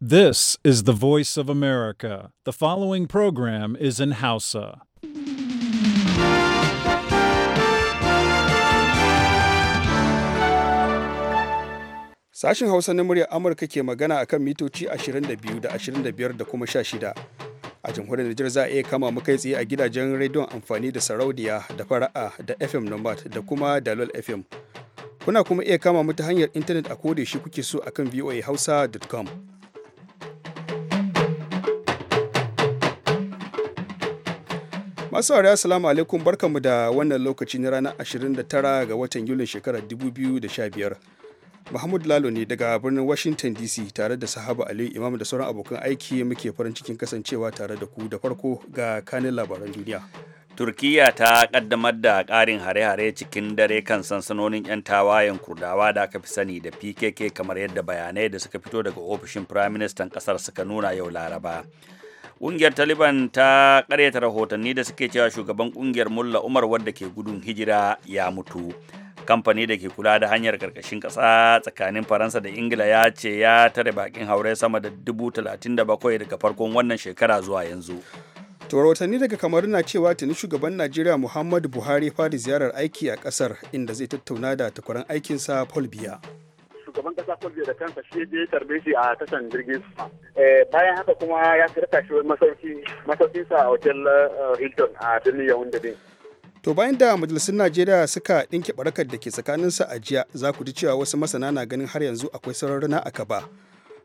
This is the voice of America. The following program is in Hausa. Sashen Hausa na muryar Amurka ke magana akan mitoci 22 da 25 da kuma 16. A jamhuriyar Nijar za a iya kama mu kai tsaye a gidajen rediyon amfani da sarauniya da fara'a da FM Nomad da kuma Dalol FM. Kuna kuma iya kama mu ta hanyar intanet a kodayaushe kuke so akan voahausa.com. Masu saurari assalamu alaikum barkanmu da wannan lokaci na ranar 29 ga watan Yulin shekarar 2015. Mahmud Lalo ne daga birnin Washington DC tare da sahaba Ali Imam da sauran abokan aiki muke farin cikin kasancewa tare da ku da farko ga kanin labaran duniya. Turkiyya ta kaddamar da karin hare-hare cikin dare kan sansanonin 'yan tawayen kurdawa da aka fi sani da PKK kamar yadda bayanai da suka fito daga ofishin Firaministan kasar suka nuna yau Laraba. Ƙungiyar Taliban ta ƙaryata rahotanni da suke cewa shugaban ƙungiyar Mulla Umar wadda ke gudun hijira ya mutu. Kamfani da ke kula da hanyar karkashin ƙasa tsakanin Faransa da Ingila ya ce ya tare baƙin haure sama da dubu talatin da bakwai daga farkon wannan shekara zuwa yanzu. rahotanni daga kamaru na cewa tuni shugaban Najeriya Muhammadu Buhari fara ziyarar aiki a ƙasar inda zai tattauna da takwaran aikinsa Paul Biya. shugaban kasa kwalbe da kansa shi ya tarbe shi a tashan jirgin sama eh, bayan haka kuma ya karka shi masauki sa a hotel eh, hilton a birnin yaounde din To bayan da majalisun Najeriya suka ɗinke barakar da ke tsakaninsa a jiya za ku ji cewa wasu masana na ganin har yanzu akwai sararin a kaba.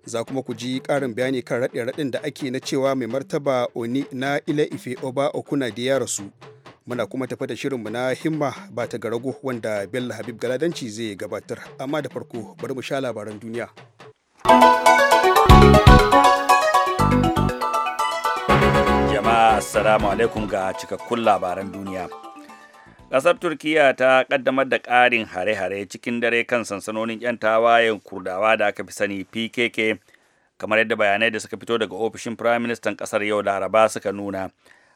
za kuma ku ji karin bayani kan raɗe-raɗin da ake na cewa mai martaba oni na ile ife oba okuna da ya rasu muna kuma tafi da shirinmu na himma ba ta garago wanda bello habib galadanci zai gabatar amma da farko bari mu sha labaran duniya jama'a assalamu alaikum ga cikakkun labaran duniya Ƙasar Turkiyya ta ƙaddamar da ƙarin hare-hare cikin dare kan sansanonin 'yan tawayen Kurdawa da aka fi sani PKK, kamar yadda bayanai da suka fito daga ofishin Firaministan ƙasar yau Laraba suka nuna.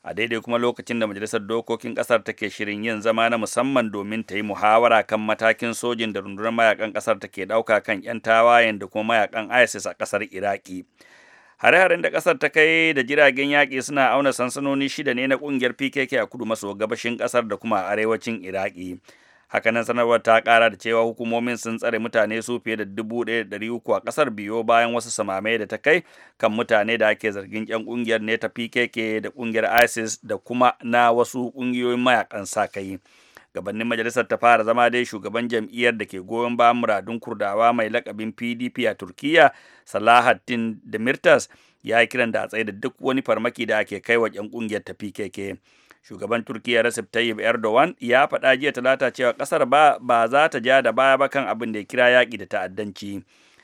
A daidai kuma lokacin da Majalisar Dokokin ƙasar take shirin yin zama na musamman domin ta yi muhawara kan matakin sojin da rundunar mayakan ƙasar take ɗauka kan 'yan tawayen da kuma mayakan ISIS a ƙasar Iraki. hare-haren da kasar ta kai da jiragen yaƙi suna auna sansanoni shida ne na ƙungiyar pkk a kudu maso gabashin ƙasar da kuma arewacin iraki hakanan sanarwar ta kara da cewa hukumomin sun tsare mutane su fiye da dubu ɗaya da ɗari uku a kasar biyo bayan wasu samame da ta kai kan mutane da ake zargin yan ƙungiyar ne ta pkk da ƙungiyar isis da kuma na wasu ƙungiyoyin mayakan sa kai shugabannin majalisar ta fara zama dai shugaban jam'iyyar da ke goyon bayan muradun kurdawa mai lakabin pdp a turkiya salahattin demirtas ya kiran da a tsaye da duk wani farmaki da ake kai wa 'yan kungiyar ta pkk shugaban turkiya recep tayyip erdogan ya faɗa jiya talata cewa ƙasar ba, ba za ta ja da baya ba kan abin da ya kira yaƙi da ta'addanci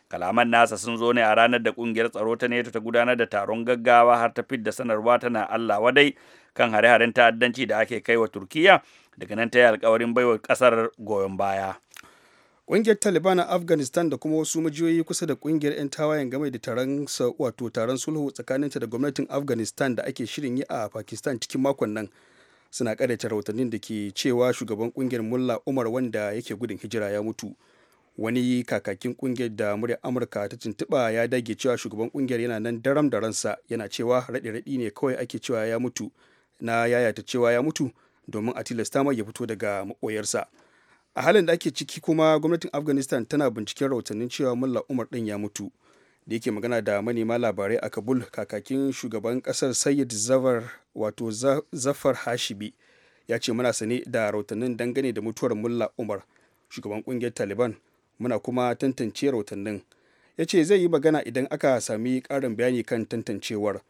kalaman nasa sun zo ne a ranar da kungiyar tsaro ta neto ta gudanar da taron gaggawa har ta fidda sanarwa tana allah wadai kan hare-haren ta'addanci da ake kai wa turkiya daga nan ta yi alkawarin baiwa kasar goyon baya ƙungiyar taliban a afghanistan da kuma wasu majiyoyi kusa da ƙungiyar 'yan tawayen game da taron wato taron sulhu tsakaninta da gwamnatin afghanistan da ake shirin yi a pakistan cikin makon nan suna karyata rahotannin da ke cewa shugaban ƙungiyar mulla umar wanda yake gudun hijira ya mutu wani kakakin ƙungiyar da muryar amurka ta tuntuɓa ya dage cewa shugaban ƙungiyar yana nan daram da ransa yana cewa raɗe-raɗi ne kawai ake cewa ya mutu na yayata cewa ya mutu domin a tilasta mai ya fito daga makoyarsa a halin da ake ciki kuma gwamnatin afghanistan tana binciken rahotannin cewa mulla umar din ya mutu da yake magana da manema labarai a kabul kakakin shugaban kasar sayyid zafar wato zafar hashibi ya ce muna sane da rahotannin dangane da mutuwar mulla umar shugaban kungiyar taliban muna kuma tantance rahotannin ya ce zai yi magana idan aka sami karin bayani kan tantancewar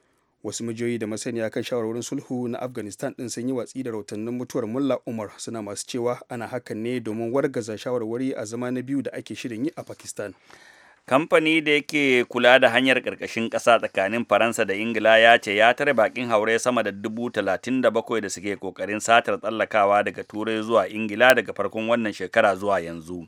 wasu majiyoyi da masaniya kan shawarwarin sulhu na afghanistan din sun yi watsi da rahotannin mutuwar mulla umar suna masu cewa ana hakan ne domin wargaza shawarwari a zama na biyu da ake shirin yi a pakistan kamfani da yake kula da hanyar karkashin ƙasa tsakanin faransa da ingila ya ce ya tare bakin haure sama da dubu talatin da bakwai da suke kokarin satar tsallakawa daga turai zuwa ingila daga farkon wannan shekara zuwa yanzu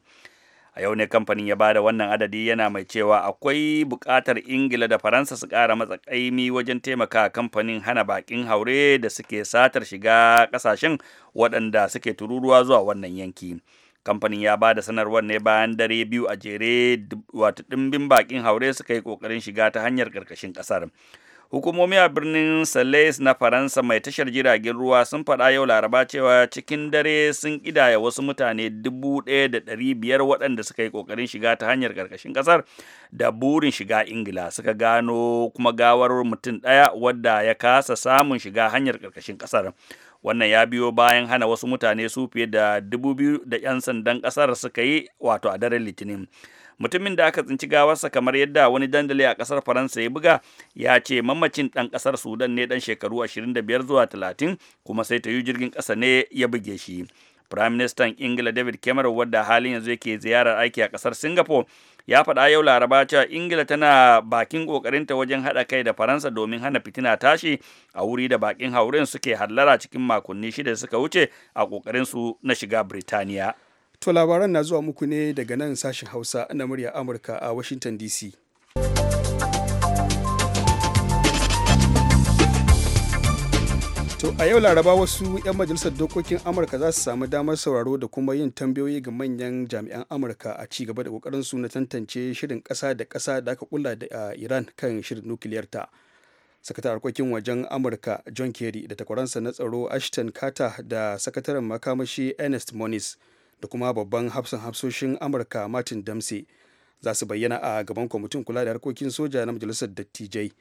a yau ne kamfanin ya bada wannan adadi yana mai cewa akwai buƙatar ingila da faransa su ƙara matsakaimi wajen taimaka kamfanin hana bakin haure da suke satar shiga ƙasashen waɗanda suke tururuwa zuwa wannan yanki kamfanin ya ba da sanarwar ne bayan dare biyu a jere wata ɗimbin bakin haure suka yi ƙoƙarin shiga ta hanyar ƙarƙashin ƙasar hukumomi a birnin Salais na Faransa mai tashar jiragen ruwa sun faɗa yau laraba cewa cikin dare sun ƙidaya wasu mutane dubu ɗaya da ɗari biyar waɗanda suka yi ƙoƙarin shiga ta hanyar ƙarƙashin ƙasar da burin shiga Ingila suka gano kuma gawar mutum ɗaya wadda ya kasa samun shiga hanyar ƙarƙashin ƙasar. Wannan ya biyo bayan hana wasu mutane su fiye da dubu biyu da 'yan sandan ƙasar suka yi wato a daren Litinin. mutumin da aka tsinci gawarsa kamar yadda wani dandali a kasar faransa ya buga ya ce mamacin dan kasar sudan ne dan shekaru 25 zuwa 30 kuma sai ta yi jirgin kasa ne ya buge shi Firaministan Ingila David Cameron wadda halin yanzu yake ziyarar aiki a kasar Singapore ya faɗa yau Laraba cewa Ingila tana bakin ƙoƙarinta wajen haɗa kai da Faransa domin hana fitina tashi a wuri da bakin hauren suke hallara cikin makonni shida da suka wuce a su na shiga Birtaniya. To labaran na zuwa muku ne daga nan sashen Hausa na murya Amurka a Washington DC. To a yau laraba wasu 'yan majalisar dokokin Amurka za su samu damar sauraro da kuma yin tambayoyi ga manyan jami'an Amurka a ci gaba da kokarin su na tantance shirin kasa da kasa da aka kula da Iran kan shirin nukiliyarta ta. Sakatar harkokin wajen Amurka John Kerry da takwaransa na tsaro Ashton Carter da sakataren makamashi Ernest Moniz. da kuma babban hafsan hafsoshin amurka martin damsey za su bayyana a gaban kwamitin kula da harkokin soja na majalisar dattijai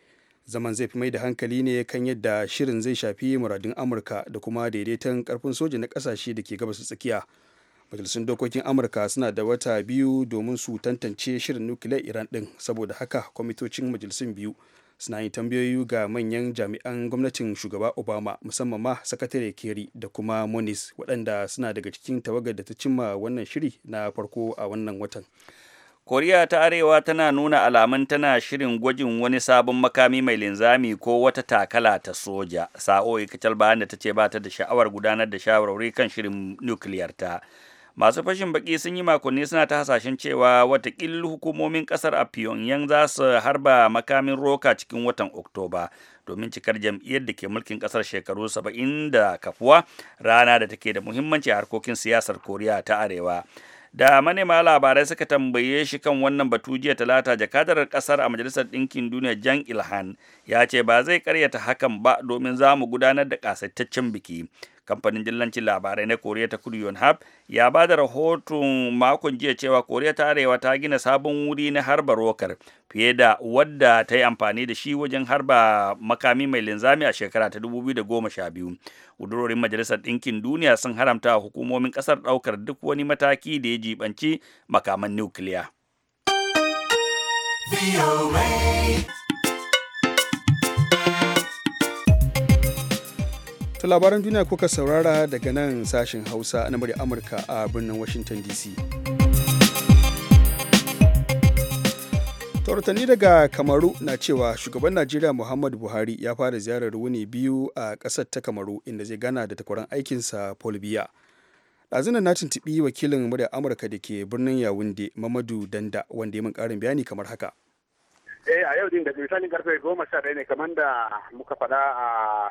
zaman zai fi mai da hankali ne kan yadda shirin zai shafi muradun amurka da kuma daidaiton karfin soja na kasashe da ke gabas tsakiya majalisun dokokin amurka suna da wata biyu domin su tantance shirin nukiliyar iran din saboda haka kwamitocin majalisun biyu suna yin tambayoyi ga manyan jami'an gwamnatin shugaba obama musamman ma sakatare keri da kuma moniz waɗanda suna daga cikin tawagar da ta cimma wannan shiri na farko a wannan watan koriya ta arewa tana nuna alamun tana shirin gwajin wani sabon makami mai linzami ko wata takala ta soja sa'o'i kacal bayan da ta ce ba ta da sha'awar gudanar da shawarwari kan shirin nukiliyarta masu fashin baki sun yi makonni suna ta hasashen cewa watakil hukumomin kasar a pyongyang za su harba makamin roka cikin watan oktoba domin cikar jam'iyyar da ke mulkin kasar shekaru saba'in da kafuwa rana da take da muhimmanci a harkokin siyasar koriya ta arewa da manema labarai suka tambaye shi kan wannan batu jiya talata jakadar kasar a majalisar ɗinkin duniya jan ilhan ya ce ba zai karyata hakan ba domin za mu gudanar da ƙasaitaccen biki kamfanin dillancin labarai na koriya ta kudu yonhap ya ba da rahoton makon jiya cewa koriya ta arewa ta gina sabon wuri na harba rokar fiye da wadda ta yi amfani da shi wajen harba makami mai linzami a shekara ta 2012 wudurorin majalisar ɗinkin duniya sun haramta hukumomin ƙasar ɗaukar duk wani mataki da ya jibanci makaman nukiliya. ta labaran duniya kuka saurara daga nan sashen hausa na murya amurka a birnin washington dc rahotanni daga kamaru na cewa shugaban najeriya muhammadu buhari ya fara ziyarar wuni biyu a ƙasar ta kamaru inda zai gana da takwaran aikinsa paul biya ɗazunan na tuntuɓi wakilin murya amurka da ke birnin yawunde mamadu danda wanda ya min ƙarin bayani kamar haka eh a yau din da misalin karfe goma sha ɗaya ne kamar da muka faɗa a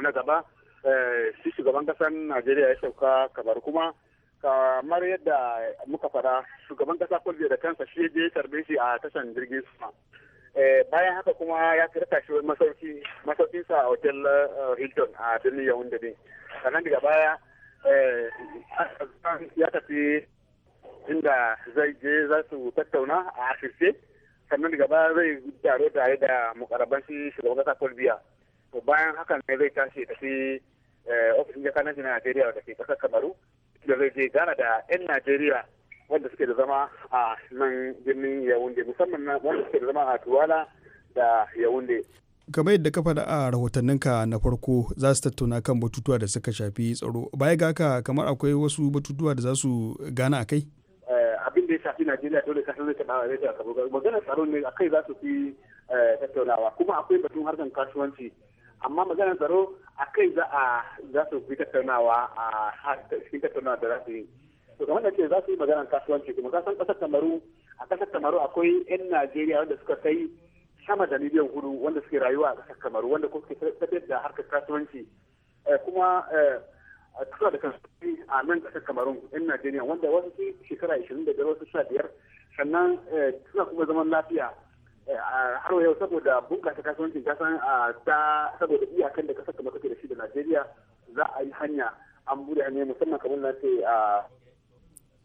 na gaba eh, shi shugaban kasar najeriya ya sauka kamar kuma kamar yadda muka fara shugaban kasa kwalbe da kansa shi je tarbe shi a tashan jirgin sama eh, bayan haka kuma ya karta shi wani masauki sa a hotel eh, hilton a birnin yahuda ne sannan daga baya ya tafi inda zai je za su tattauna a asirce sannan daga baya zai taro tare da mukarabanci shugaban kasa kolbiya to bayan hakan ne zai tashi shi eh, ofishin na najeriya da ke kasar kamaru da zai je gana da 'yan najeriya wanda suke da zama a nan birnin yawunde musamman wanda suke da zama a tuwala da yawunde kamar yadda kafa da a rahotanninka na farko za su tattauna kan batutuwa da suka shafi tsaro baya ga haka kamar akwai wasu batutuwa da za su gana a kai eh, abin da ya shafi najeriya dole kasar zai ta zai ba magana tsaro ne a kai za su fi eh, tattaunawa kuma akwai batun harkar kasuwanci amma maganar tsaro a kai za a za su fi tattaunawa a cikin tattaunawa da za su yi to kamar da ce za su yi maganar kasuwanci kuma ka san kasar kamaru a kasar kamaru akwai yan najeriya wanda suka kai sama da miliyan hudu wanda suke rayuwa a kasar kamaru wanda ko suke tafiyar da harkar kasuwanci eh, kuma tura eh, da kan a nan kasar kamarun yan najeriya wanda wasu shekara ashirin da biyar wasu sha biyar sannan eh, suna kuma zaman lafiya Eh, har yau saboda bunƙasa kasuwancin kasan ah, ta saboda iyakan da kasar kamar take da shi da Najeriya za a yi hanya an bude ne musamman kamar na ce a ah,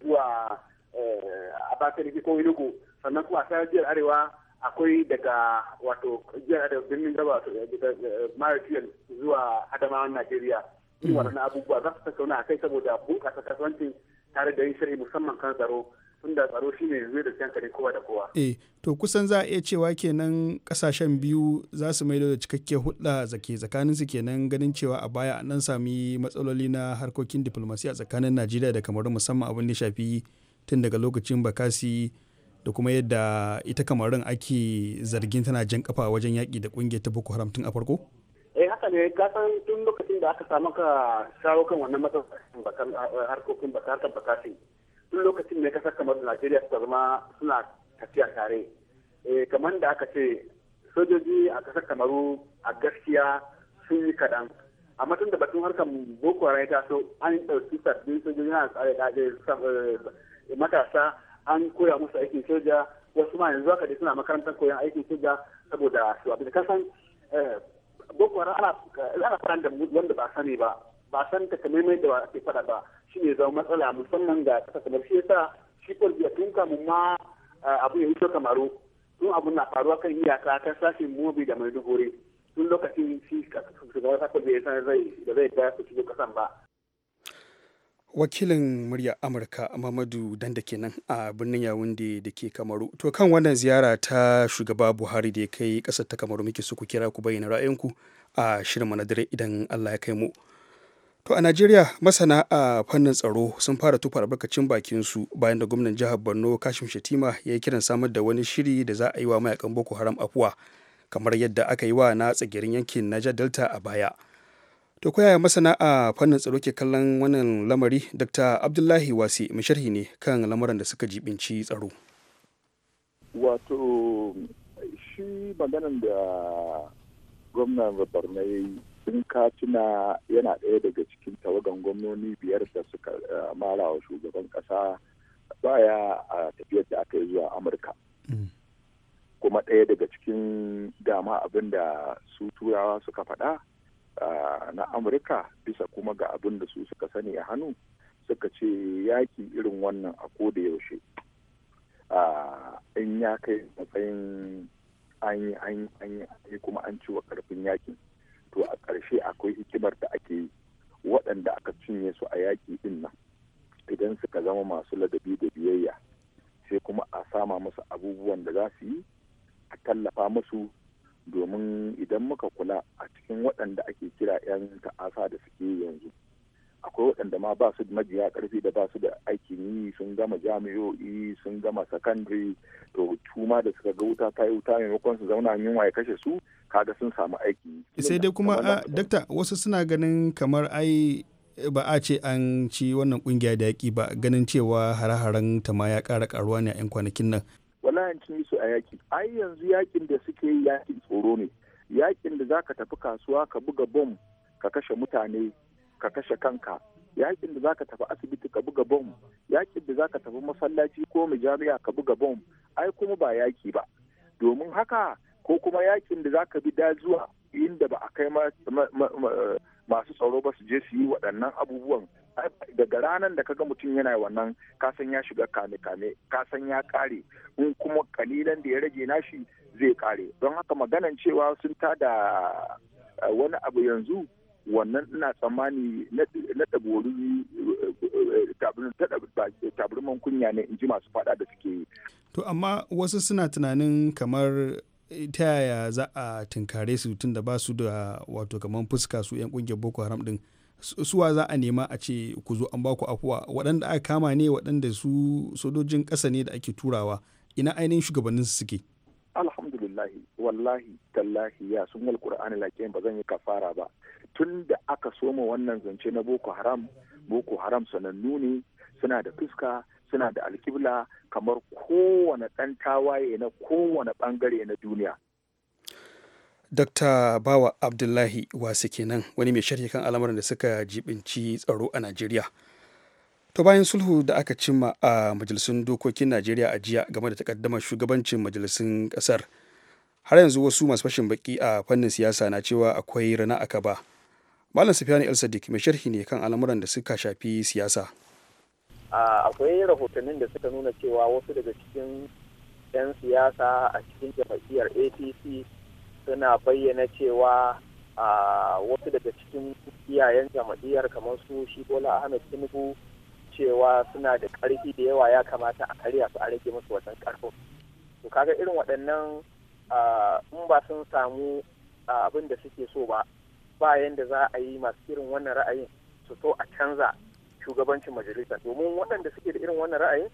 zuwa eh, a bakar ko Enugu sannan kuma a jiyar Arewa akwai daga wato jiyar Arewa birnin Gaba eh, daga Maritian zuwa Adamawa Najeriya. Waɗannan abubuwa za su tattauna a kai saboda bunƙasa kasuwancin tare da yin shiri musamman kan tsaro tunda tsaro ne yanzu da kare kowa da kowa eh to kusan za a iya cewa kenan kasashen biyu za su maido da cikakke hulɗa zake tsakanin su kenan ganin cewa a baya a nan sami matsaloli na harkokin diplomasiya tsakanin Najeriya da Kamaru musamman abin da shafi tun daga lokacin Bakasi da kuma yadda ita kamarin ake zargin tana jan kafa wajen yaki da ƙungiyar ta Boko Haram tun a farko eh haka ne kasan tun lokacin da aka samu ka shawo kan wannan matsalolin harkokin Bakasi tun lokacin da kasar kamar najeriya su zama suna tafiya tare eh, kamar da aka ce sojoji a kasar kamaru a gaskiya sun yi kaɗan amma tun da batun harkar boko haram ya taso an ɗauki sabbin sojoji na eh, matasa an koya musu aikin soja wasu ma yanzu haka dai suna makarantar koyan aikin soja saboda su abin kasan eh, boko haram ana faɗa da wanda ba sani ba ba san takamaimai da ke faɗa ba shi ne zama matsala musamman ga ƙasa kamar shi yasa shi kwalbiya tun kamun ma abu ya wuce kamaru tun abu na faruwa kan iyaka ta sashen mobi da mai maiduguri tun lokacin shi shugaban kasa kwalbiya ya zai da zai daya su cikin kasan ba. wakilin murya amurka mamadu danda kenan a birnin yawon da ke kamaru to kan wannan ziyara ta shugaba buhari da ya kai kasar ta kamaru muke su ku kira ku bayyana ra'ayinku a shirin na idan allah ya kai mu To a Najeriya masana a fannin tsaro sun fara tufa albarkacin bakin su bayan da gwamnan jihar Borno Kashim Shatima ya yi kiran samar da wani shiri da za a yi wa mayakan Boko Haram afuwa kamar yadda aka yi wa na tsagirin yankin Niger Delta a baya. To ko yaya masana a fannin tsaro ke kallon wannan lamari Dr. Abdullahi Wasi mai sharhi ne kan lamuran da suka jibinci tsaro. Wato shi maganan da gwamnan Borno ya yi in ka tuna yana ɗaya daga cikin tawagan gwamnoni biyar da suka eh, mara wa shugaban ƙasa baya a tafiyar da aka yi zuwa amurka mm. kuma ɗaya daga cikin dama abin da su turawa suka faɗa na amurka bisa kuma ga abin da su suka sani a hannu suka ce yaƙi irin wannan a koda yaushe in ya kai matsayin an yi kuma an ciwa ƙarfin yakin to a ƙarshe akwai hikimar da ake yi waɗanda aka cinye su a yaƙi ɗin nan idan suka zama masu ladabi da biyayya sai kuma a sama musu abubuwan da za su yi a tallafa musu domin idan muka kula a cikin waɗanda ake kira 'yan ta'asa da suke yanzu akwai waɗanda ma ba su da majiya ƙarfi da ba su da aikin yi sun gama jami'o'i sun gama sakandare to tuma da suka ga wuta ta yi wuta maimakon su zauna yunwa ya kashe su kaga sun samu aiki sai dai kuma a dakta wasu suna ganin kamar ai ba a ce an ci wannan kungiya da yaƙi ba ganin cewa hare ta ma ya ƙara karuwa ne a 'yan kwanakin nan wallahi an ci su a yaƙi ai yanzu yaƙin da suke yi yaƙin tsoro ne yaƙin da zaka tafi kasuwa ka buga bom ka kashe mutane ka kashe kanka yakin da zaka tafi asibiti ka buga bom yakin da zaka tafi masallaci ko jami'a ka buga bom ai kuma ba yaki ba domin haka ko kuma yakin da zaka bi dazuwa inda ba a kai masu tsaro ba su je su yi waɗannan abubuwan daga ranar da kaga mutum yana wannan kasan ya shiga kame kame kasan ya kare in kuma kalilan da ya rage nashi zai kare don haka maganan cewa sun tada eh, wani abu yanzu wannan ina tsammani na tabori eh, taburman kunya ne in ji masu fada da suke yi. To amma wasu suna tunanin kamar eh, ta yaya za a tinkare su tun da ba su da wato kamar fuska su 'yan kungiyar Boko Haram din. suwa za a nema a ce ku zo an baku afuwa waɗanda aka kama ne waɗanda su sojojin ƙasa ne da ake turawa ina ainihin shugabannin su suke alhamdulillahi wallahi tallahi ya sun yi qur'ani lakin ba zan yi kafara ba tun da aka soma wannan zance na boko haram boko haram sanannu ne suna da fuska suna da alkibla kamar kowane ɗan tawaye na kowane ɓangare na duniya Dr. Bawa Abdullahi Wasu kenan wani mai sharhi kan al'amuran da suka jibinci tsaro a Najeriya. To bayan sulhu da aka cimma a majalisun dokokin Najeriya a jiya game da takaddamar shugabancin majalisun kasar. Har yanzu wasu masu fashin baki a fannin siyasa na cewa akwai rana aka ba. Malam Sufiyani El Sadiq mai sharhi ne kan al'amuran da suka shafi siyasa. Akwai rahotannin da suka nuna cewa wasu daga cikin 'yan siyasa a cikin jam'iyyar APC suna bayyana cewa wasu daga cikin iyayen jam'iyyar kamar su shi Bola Ahmed Tinubu cewa suna da ƙarfi da yawa ya kamata a karya su a rage musu wajen ƙarfin. To kaga irin waɗannan in ba sun samu abin da suke so ba ba yadda za a yi masu irin wannan ra'ayin su so a canza shugabancin majalisa domin waɗanda suke da irin wannan ra'ayin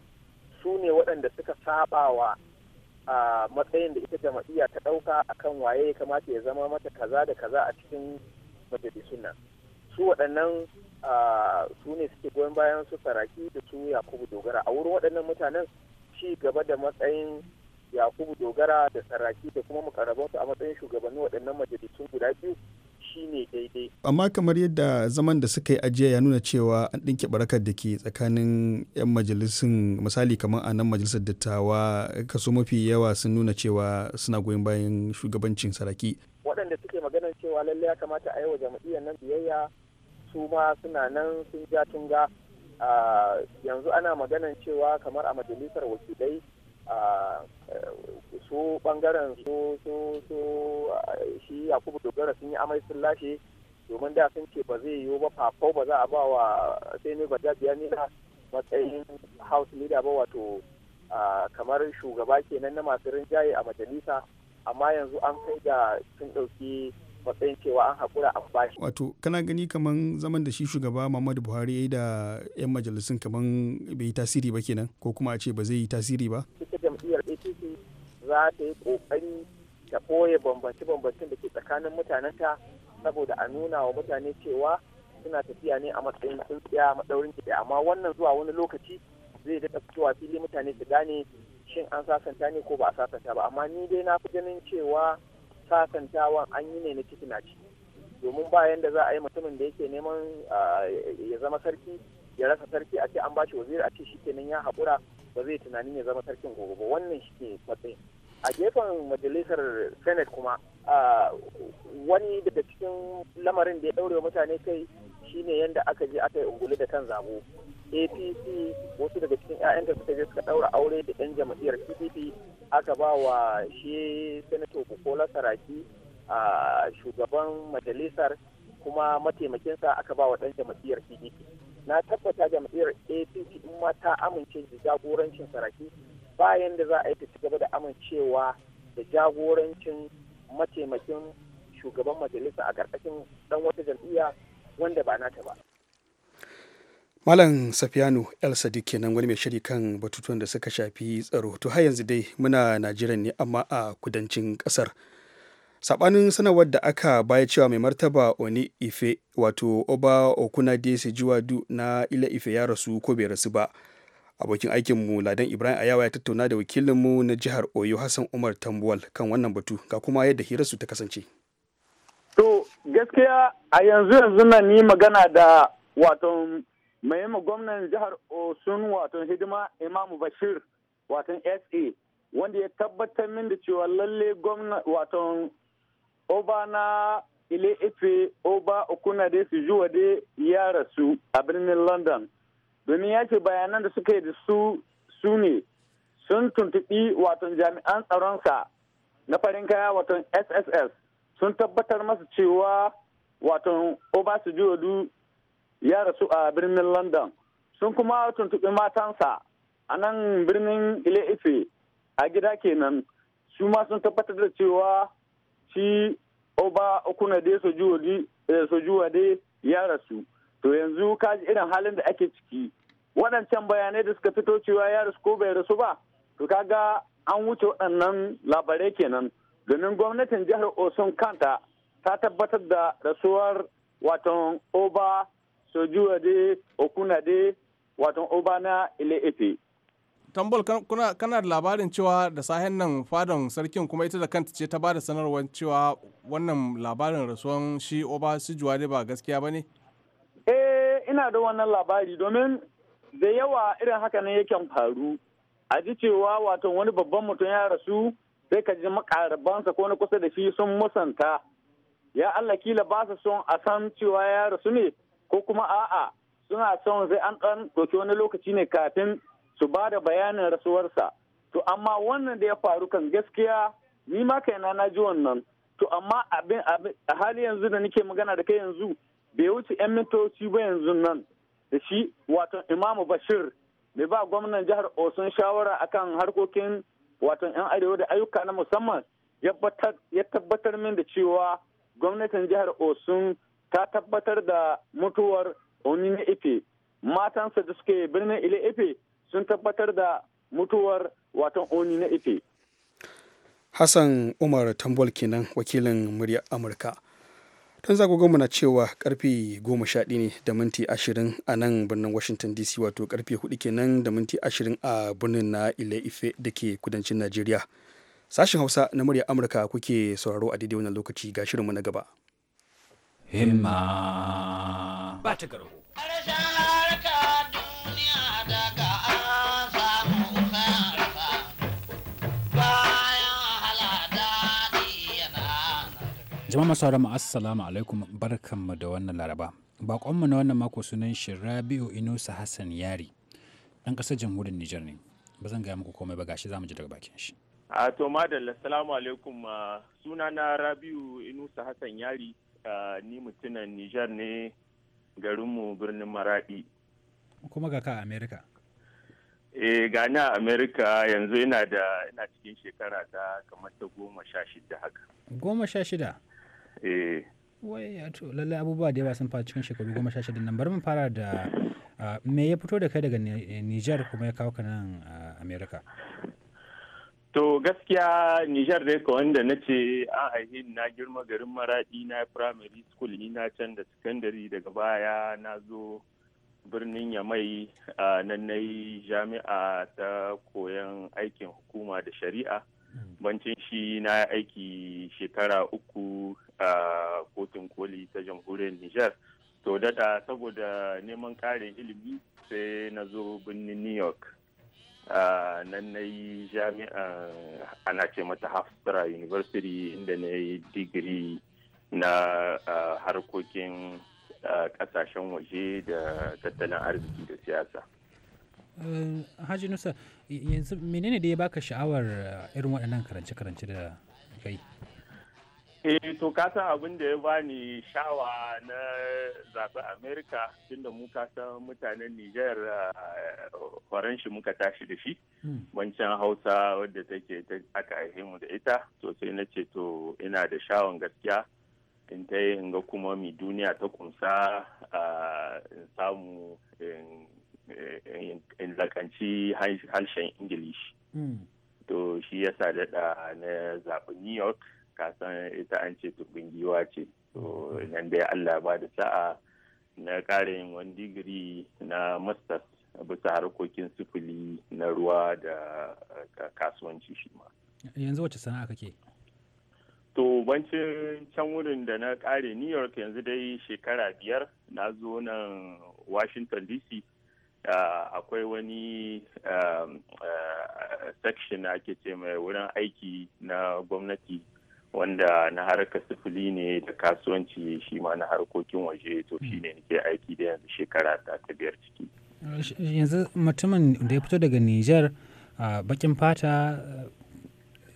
su ne waɗanda suka saba wa matsayin da ita jama'iyya ta ɗauka a kan waye ya kamata ya zama mata kaza da kaza a cikin majalisun nan su waɗannan su ne suke goyon bayan su saraki da su yakubu dogara a wurin waɗannan mutanen ci gaba da matsayin yakubu dogara da saraki da kuma mukarabansu a matsayin shugabannin waɗannan majalisun guda biyu shine daidai amma kamar yadda zaman da suka yi ajiya ya nuna cewa an ɗinke barakar da ke tsakanin 'yan majalisun misali kamar a nan majalisar dattawa kaso mafi yawa sun nuna cewa suna goyon bayan shugabancin saraki waɗanda suke maganar cewa lallai ya kamata a yi wa jam'iyyar nan biyayya su ma suna nan sun ja tunga ah, yanzu ana maganar cewa kamar a majalisar wakilai Eh, su bangaren su su su shi yakubu dogara sun yi amai sun lashe domin da sun ce ba zai yiwu ba fafau ba za a ba wa sai ne bajabiya nila matsayin house leader ba wato kamar shugaba kenan na masu rinjaye a majalisa amma yanzu an kai da sun ɗauki matsayin cewa an haƙura a bashi. Wato kana gani kamar zaman da shi shugaba Muhammadu Buhari ya da 'yan majalisun kaman bai yi tasiri ba kenan ko kuma a ce ba zai yi tasiri ba? za ta yi kokari ta ɓoye bambance-bambancen da ke tsakanin mutanenta saboda a nuna wa mutane cewa suna tafiya ne a matsayin tsuntsiya maɗaurin kiɗa amma wannan zuwa wani lokaci zai daɗa fitowa fili mutane su gane shin an sasanta ne ko ba a sasanta ba amma ni dai na fi ganin cewa sasantawa an yi ne na ciki na ciki domin bayan da za a yi mutumin da yake neman ya zama sarki ya rasa sarki a ce an bashi waziri a ce shi kenan ya haƙura ba zai tunanin ya zama sarkin gobe ba wannan shi ke matsayin a gefen majalisar senate kuma wani daga cikin lamarin da ya ɗaure mutane kai shine yadda aka je aka yi unguli da kan zabo apc wasu daga cikin 'ya'yanta suka je suka ɗaura aure da 'yan jam'iyyar pdp aka ba wa shi senator bukola saraki a shugaban majalisar kuma mataimakinsa aka ba wa ɗan jam'iyyar pdp na tabbata jam'iyyar apc in ma ta amince da jagorancin saraki bayan da za a yi ta gaba da amincewa da jagorancin mataimakin shugaban majalisa a ƙarƙashin ɗan wata jam'iyya wanda ba nata ba. Malam Safiyanu El Sadiq kenan wani mai shiri kan batutuwan da suka shafi tsaro. To har yanzu dai muna Najeriya ne amma a kudancin ƙasar. Sabanin sanarwar da aka baya cewa mai martaba Oni Ife wato Oba Okunade du na Ila Ife ya rasu ko bai rasu ba. abokin mu ladan ibrahim ayawa ya tattauna da wakilin mu na jihar oyo hassan umar tambuwal kan wannan batu ga kuma yadda hirarsu ta kasance to gaskiya a yanzu yanzu nan ni magana da wato mai gwamnan jihar osun wato hidima imamu bashir wato sa wanda ya tabbatar min da cewa lalle gwamna wato oba na ile ife oba okuna da su ya rasu a birnin london domin ya ce bayanan da suka yi da su su ne sun tuntuɓi wato jami'an tsaronsa na farin kaya wato sss sun tabbatar masa cewa watan obasanjo ya rasu a birnin london sun kuma tuntuɓi matansa a nan birnin ile ife a gida kenan su ma sun tabbatar da cewa shi oba okuna de sojuwade eh, ya rasu to yanzu ka ji irin halin da ake ciki waɗancan bayanai da suka fito cewa ya rasu ko bai rasu ba to kaga an wuce waɗannan labarai kenan domin gwamnatin jihar osun kanta ta tabbatar da rasuwar watan oba sojuwade okunade waton oba na ile efe tambol kana da labarin cewa da sahen nan fadan sarkin kuma ita da kanta ce ta ba da sanarwar cewa wannan labarin rasuwan shi oba sujuwade ba gaskiya ba ne? ina da wannan labari domin da yawa irin haka ne yakan faru a ji cewa wato wani babban mutum ya rasu sai ka ji makarabansa ko na kusa da shi sun musanta ya Allah kila ba su son a san cewa ya rasu ne ko kuma a'a suna son sai an ɗan ɗauki wani lokaci ne kafin su ba da bayanin rasuwarsa to amma wannan da ya faru kan gaskiya ni ma kaina na ji wannan to amma a hali yanzu da nake magana da kai yanzu bai wuce 'yan mintoci ba yanzu nan da shi wato imamu bashir mai ba gwamnan jihar osun shawara akan harkokin wato 'yan arewa da ayyuka na musamman ya tabbatar min da cewa gwamnatin jihar osun ta tabbatar da mutuwar oni na ife matansa da suke birnin ile ife sun tabbatar da mutuwar watan oni na ife hassan umar tambol kenan wakilin murya amurka don zagogonmu na cewa karfe 11 ne da minti ashirin a nan birnin washington dc wato karfe 4 kenan da minti ashirin a birnin na ile ife da ke kudancin najeriya sashen hausa na murya amurka kuke sauraro a daidai wannan lokaci ga shirinmu na gaba himma ba ta jama'a masu haramu assalamu alaikum barkanmu da wannan laraba bakonmu na wannan mako sunan shi rabi'u inusa hassan yari ɗan ƙasar jamhuriyar nijar ne ba zan gaya muku komai ba gashi zamu ji daga bakin shi a to madalla salamu alaikum suna na rabiu inusa hassan yari ni mutumin nijar ne garinmu birnin maradi kuma ga ka america eh gani a america yanzu ina da ina cikin shekara ta kamar ta goma sha shida haka goma sha shida Eh. wai to lallai abubuwa da yawa sun faru cikin shekaru goma sha shida nan bari mu fara da ah, me ya fito da kai daga Nijar kuma ya kawo ka nan ah, America To gaskiya Nijar dai ka wanda na ce an haihin na girma garin maraɗi na primary school na can da secondary daga baya na zo birnin Yamai ah, nan na yi jami'a ta koyon aikin hukuma da shari'a bancin shi na aiki shekara uku a kotun koli ta jamhuriyar nijar to dada saboda neman karin ilimi sai na zo birnin new york nan na yi jami'an ana ce mata hafstra university inda na yi digiri na harkokin kasashen waje da tattalin arziki da siyasa Eh, Hajji Nusa yanzu menene da ya baka sha'awar eh, irin waɗannan karance-karance da kai? Eh to ka abin da ya bani sha'awa na zaɓi Amerika tunda mu ka mutanen Nijar faranshi eh, muka tashi da shi hmm. wancan Hausa wadda take aka haife mu da ita to sai na ce to ina da sha'awan gaskiya in ta yi in ga kuma mi duniya ta kunsa ah, in samu Eh, in lakanci harshen ingilishi hmm. to shi ya sa daɗa na zaɓi new york kasan ita an ce turbin giwa ce to nan dai allah ba da sa'a na ƙarin wani digiri na masters bisa harkokin sifili na ruwa da kasuwanci shi ma yanzu wace sana'a kake to bancin can wurin da na ƙare new york yanzu dai shekara biyar na zo nan washington dc Uh, akwai wani um, uh, section ake ce mai wurin aiki na gwamnati wanda na harkar sifili ne da kasuwanci shi ma na harkokin waje to hmm. shi ne nake aiki da yanzu shekara ta ta biyar ciki. yanzu mutumin da ya fito daga niger uh, bakin fata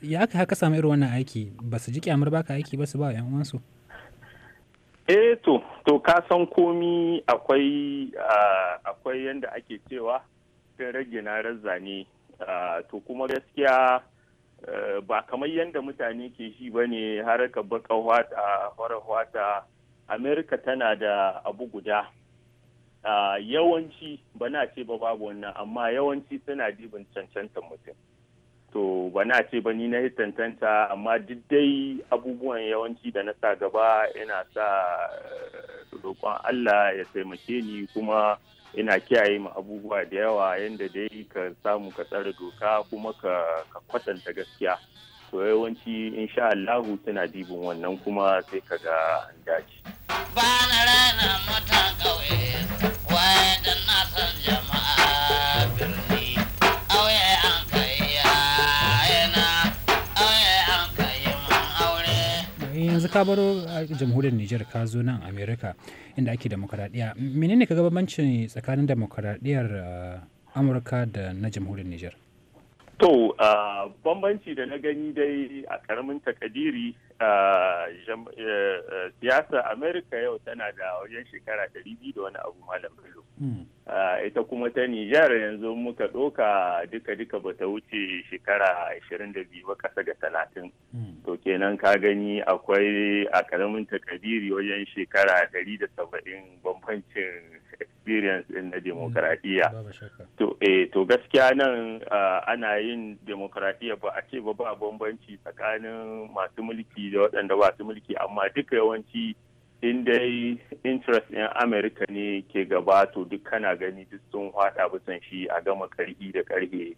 ya aka haka samu irin wannan aiki ba su ji kyamar baka aiki ba su ba 'yan uwansu. eh to to ka san komi akwai akwai yanda ake cewa sun rage na razzane to kuma gaskiya eh, ba kamar yanda mutane ke shi ba ne haraka baka wata fara wata amerika tana da abu guda yawanci ba na ce ba babu wannan amma yawanci suna dibin cancantar mutum to ba na ce ba ni na yi tantanta amma duk dai abubuwan yawanci da na sa gaba ina sa eh, roƙon Allah ya taimake ni kuma ina kiyaye ma abubuwa da yawa yadda dai ka samu ka tsara doka kuma ka kwatanta gaskiya to yawanci insha Allahu suna dibin wannan kuma sai ka ga an dace. yanzu ka baro jamhuriyar Nijar ka zo nan Amerika inda ake demokaradiyya. Menene ka banci tsakanin demokaradiyyar Amurka da na jamhuriyar Nijar? To, bambanci da na gani dai a karamin takadiri siyasa amerika yau tana da wajen shekara 200 da wani abu malam bello hmm. ita kuma ta nijar yanzu muka ɗoka duka-duka bata wuce shekara ashirin da biyu ba kasa ga talatin hmm. to kenan ka gani akwai a karamin takadiri wajen shekara 170 da saba'in bambancin experience din na demokradiyya. Hmm. Eh, to gaskiya nan ana yin demokradiyya ba a ce ba ba bambanci tsakanin masu mulki da waɗanda ba su mulki amma duka yawanci in dai interest ɗin amerika ne ke gaba to duk kana gani duk sun hada bisan shi a gama karhi da karfe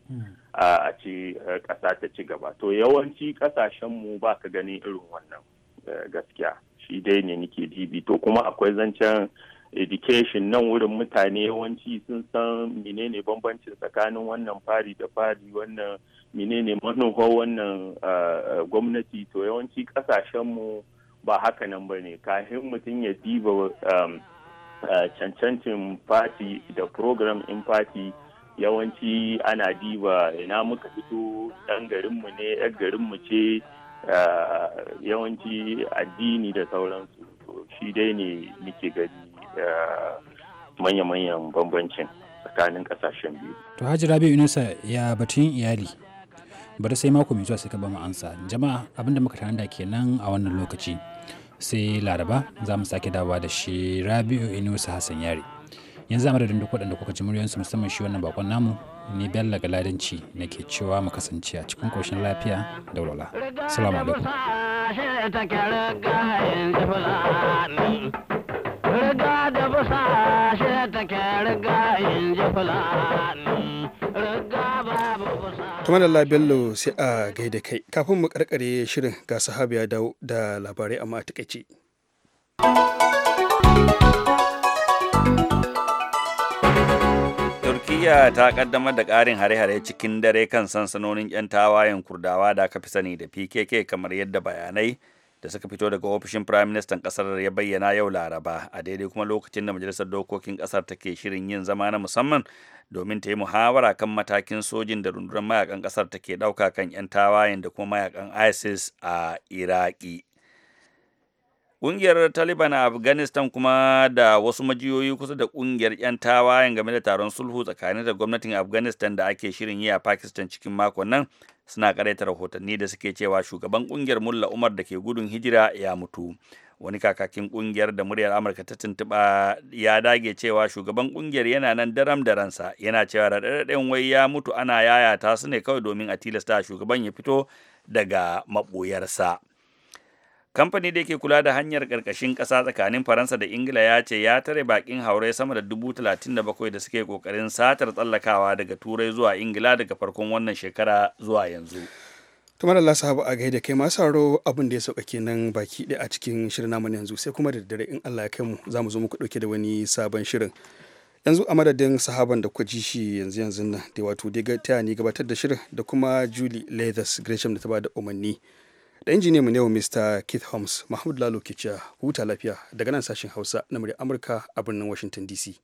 a ce ƙasa ta ci gaba to yawanci mu ba ka ganin irin wannan eh, gaskiya shi dai ne nike jibi to kuma akwai zancen education nan wurin mutane yawanci sun san menene bambancin tsakanin wannan fari da fari wannan menene manufar wannan gwamnati to yawanci mu ba haka nan ba ne kafin mutum ya diba um, cancancin fati da program in fati yawanci ana diba ina muka fito ɗan garinmu ne yan garinmu ce yawanci addini da sauransu shi dai ne muke gani manya-manyan bambancin tsakanin kasashen biyu. To Hajji Rabi ya batun iyali. bari sai mako mai zuwa sai ka ba mu ansa jama'a abinda muka tanada kenan a wannan lokaci sai laraba za mu sake dawowa da shi rabi'u inusa hassan yari yanzu a madadin duk waɗanda kuka ji muryoyinsu musamman shi wannan bakon namu ni bella galadanci na ke cewa mu kasance a cikin koshin lafiya da walwala salamu alaikum riga da busa shi take riga kamar Allah bello sai a gaida kai kafin mu karkare shirin ga sahabiya dawo da labarai amma a takaice turkiya ta kaddamar da ƙarin hare-hare cikin dare kan sansanonin 'yan tawayen kurdawa da aka fi sani da pkk kamar yadda bayanai da suka fito daga ofishin firaministan ƙasar ya bayyana yau laraba a daidai kuma lokacin da majalisar dokokin kasar take shirin yin zama na musamman domin ta yi muhawara kan matakin sojin da rundunar mayakan kasar take ɗauka kan 'yan tawayen da kuma mayakan isis a iraki Ƙungiyar Taliban a Afghanistan kuma da wasu majiyoyi kusa da ƙungiyar 'yan tawayen game da taron sulhu tsakanin da gwamnatin Afghanistan da ake shirin yi a Pakistan cikin makon nan suna karaita rahotanni da suke cewa shugaban kungiyar mulla umar da ke gudun hijira ya mutu wani kakakin kungiyar da muryar amurka ta tuntuɓa ya dage cewa shugaban kungiyar yana nan daram da ransa yana cewa raɗaɗɗen wai ya mutu ana yayata su ne kawai domin a tilasta shugaban ya fito daga maɓoyarsa kamfani da ke kula da hanyar ƙarƙashin ƙasa tsakanin faransa da ingila ya ce ya tare bakin haure sama da dubu talatin da bakwai da suke ƙoƙarin satar tsallakawa daga turai zuwa ingila daga farkon wannan shekara zuwa yanzu tumar Allah sahabu a gaida kai masu sauraro abin da ya sauka nan baki ɗaya a cikin shirin namu yanzu sai kuma da daddare in Allah ya kai mu za mu zo muku ɗauke da wani sabon shirin yanzu a madadin sahaban da kwaji shi yanzu yanzu nan da wato dai ta ni gabatar da shirin da kuma Julie Leathers Gresham da ta ba da umarni da injiniya mu ne wa Mr. Keith Holmes, Mahmud Lalo ke huta lafiya daga nan sashen Hausa na murya Amurka a birnin Washington DC.